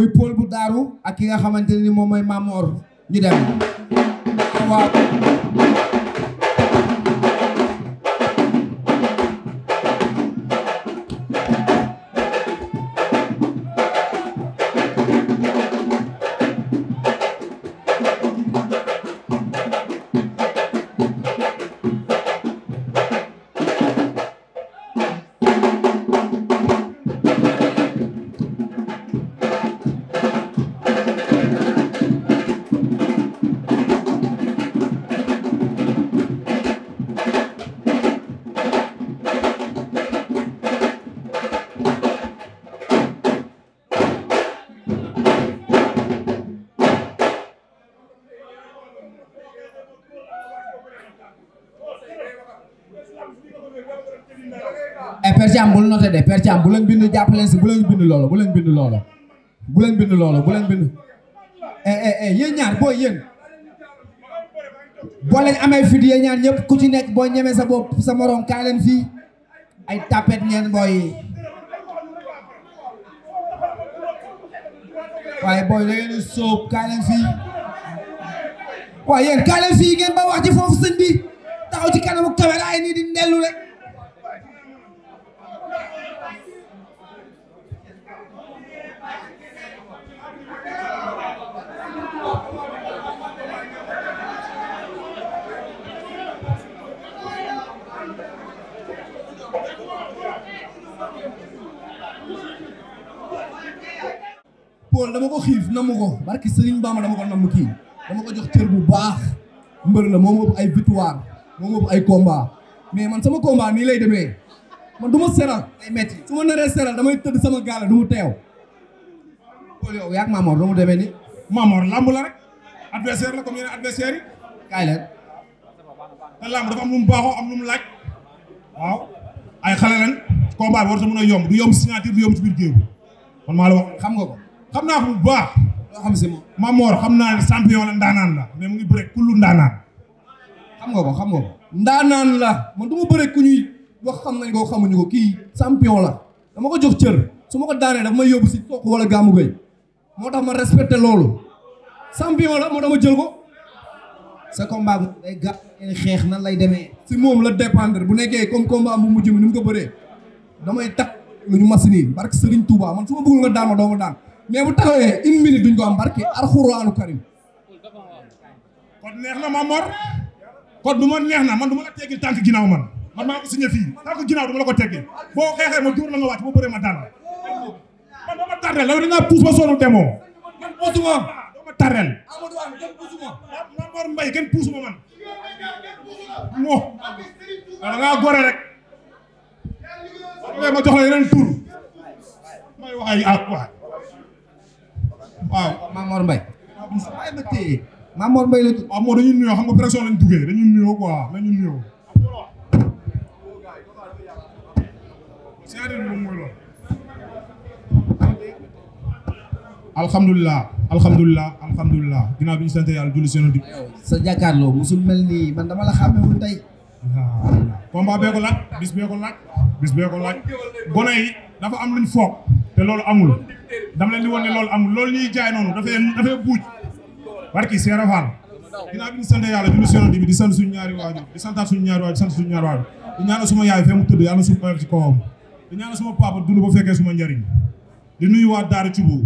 muy Paul bu daaru ak ki nga xamante ni moom mooy Mamor ji dem waaw Thiam bul noté de Père Thiam bu leen bind jàpp leen si bu leen bind loolu bu leen bind loolu bu leen bind loolu bu leen bind eh, eh, eh, yéen ñaar boo yéen boo leen amee fit yéen ñaar ñëpp ku ci nekk boo ñemee sa bopp sa morom kaa leen fii ay tapet ngeen booy waaye booy da ngeen di sóob kaa leen fii waaye yéen kaa leen fii ngeen ba wax ci foofu sëñ bi taxaw ci kanamu caméra yi nii di nellu rek Paul dama ko xiif namu ko barki Serigne Bamba dama ko mu kii dama ko jox cër bu baax mbër la moom ëpp ay victoire moom ëpp ay combat mais man sama combat nii lay demee man du ma seral ay metti su ma naree damay tëdd sama gaale du mu teew Paul yow yaag Mamor du mu ni Mamor lamb la rek adversaire la comme yeneen adversaire yi kaay leen te lamb dafa am lu baaxoo am lu mu waaw ay xale combat bi warut a a yomb du yomb signature du yomb ci biir géew bi man maa la wax xam nga ko xam naa ko bu xam si moom xam naa ne champion la la mais mu ngi bëre kullu ndaanaan xam nga ko xam nga ko ndaanaan la man du ma bëre ku ñuy wax xam nañ ko xamuñu ko kii champion la dama ko jox cër su ma ko daanee daf may yóbbu si toog wala gàmmu gay moo tax ma respecté loolu champion la moo dama jël ko sa combat day gàtt xeex nan lay demee si moom la dépendre bu nekkee comme combat bu mujj mi ni mu ko bëree damay takk lu ñu machine yi barke Serigne Touba man su ma bëggul nga daan ma doo ma daan mais bu taxawee une minute duñ ko am barke Alxuraanu Karim. kon neex na ma mor kon du ma neex na man du ma la teggil tànk ginnaaw man man maa ko signé fii tànk ginnaaw du ma ko teggil boo xeexee ma dóor la nga wàcc ma daan man doo ma tardel loolu dangaa puus ba sonn demoo man puusuma ma tardel Amadou kenn puusuma ma man mo ah, da ngaa gore rek ma jox la yeneen tur may wax ay at waay waaw. Mamor Mbaye. Mamor Mbaye la tudd. waaw nuyoo xam nga pression duggee dañuy nuyoo nuyoo. seede moom mooy loolu. alhamdulilah alhamdulilah alhamdulilah ginnaaw bi ñu sant yàlla julli seen di. sa jàkkaarloo musul mel nii man dama la xàmmewul tey. waaw combat bee ko laaj bis bee ko laaj gone yi dafa am luñ foog te loolu amul dama leen di wan ne loolu amul loolu ñuy jaay noonu dafay dafay buuj barki Seera Faal ginnaaw bi ñu sant yàlla ñu ngi bi di sant suñu ñaari waajur di santaat suñu ñaari waajur di sant suñu ñaari waajur di ñaanal suma yaay fee mu tëdd yàlla suma papa dund ba fekkee suma njariñ di nuyu waa Daara Cubu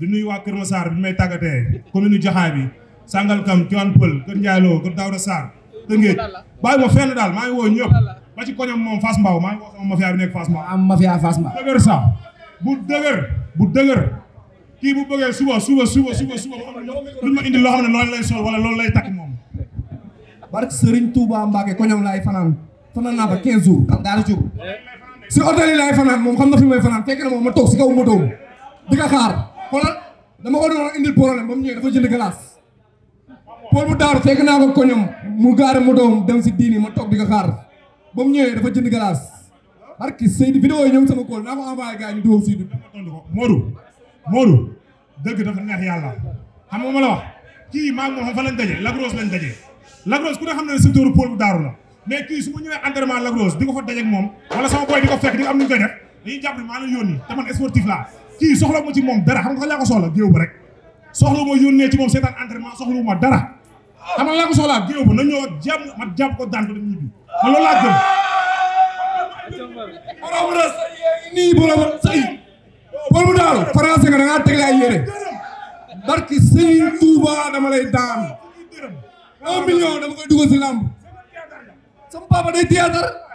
di nuyu waa Kër Massar bi may tàggatee commune Jaxaay bi Sangalkam Tivaouane Peulh Kër Ndiaye Lo Kër Daouda Sarr Tëngéej bàyyi ma fenn daal ba ci koñam moom Fass Mbaw maa ngi kii bu bëggee suba suba suba suba suba lu ma indi loo xam ne loolu lay sol wala loolu lay takk moom. barke Serigne Touba Mbacke koñam fanaan fanaan naa fa 15 jours si hôtel yi laay fanaan moom xam na fi may fanaan fekk na moom ma toog si kaw moto di ka xaar dama ko doon indil problème moom mu ñëwee dafa jënd glace. Paul bu daaru fekk naa ko koñam mu gaare moto dem si diini ma toog di ka xaar. ba mu ñëwee dafa jënd galaas barki Seydou vidéo yi ñëw sama kóol naa ko envoyé gars yi ñu dugal Seydou. tontu ko Modou Modou dëgg dafa neex yàlla xam nga ma la wax kii maa ngi moom fa lañ daje Lagros lañ daje xam ne secteur pôle moom wala sama boy di ko fekk di ko am nu ne moom dara xam nga laa ko soxla géew ba laa ko soxlaa géew ba na ñëw ak jàmm ma jàpp ko daan ko dem man loolu laa nii borom sëy borom daaru français nga da ngaa tegle ay yére barki sëñ Touba dama lay daan un million dama koy dugal si sama papa day théâtre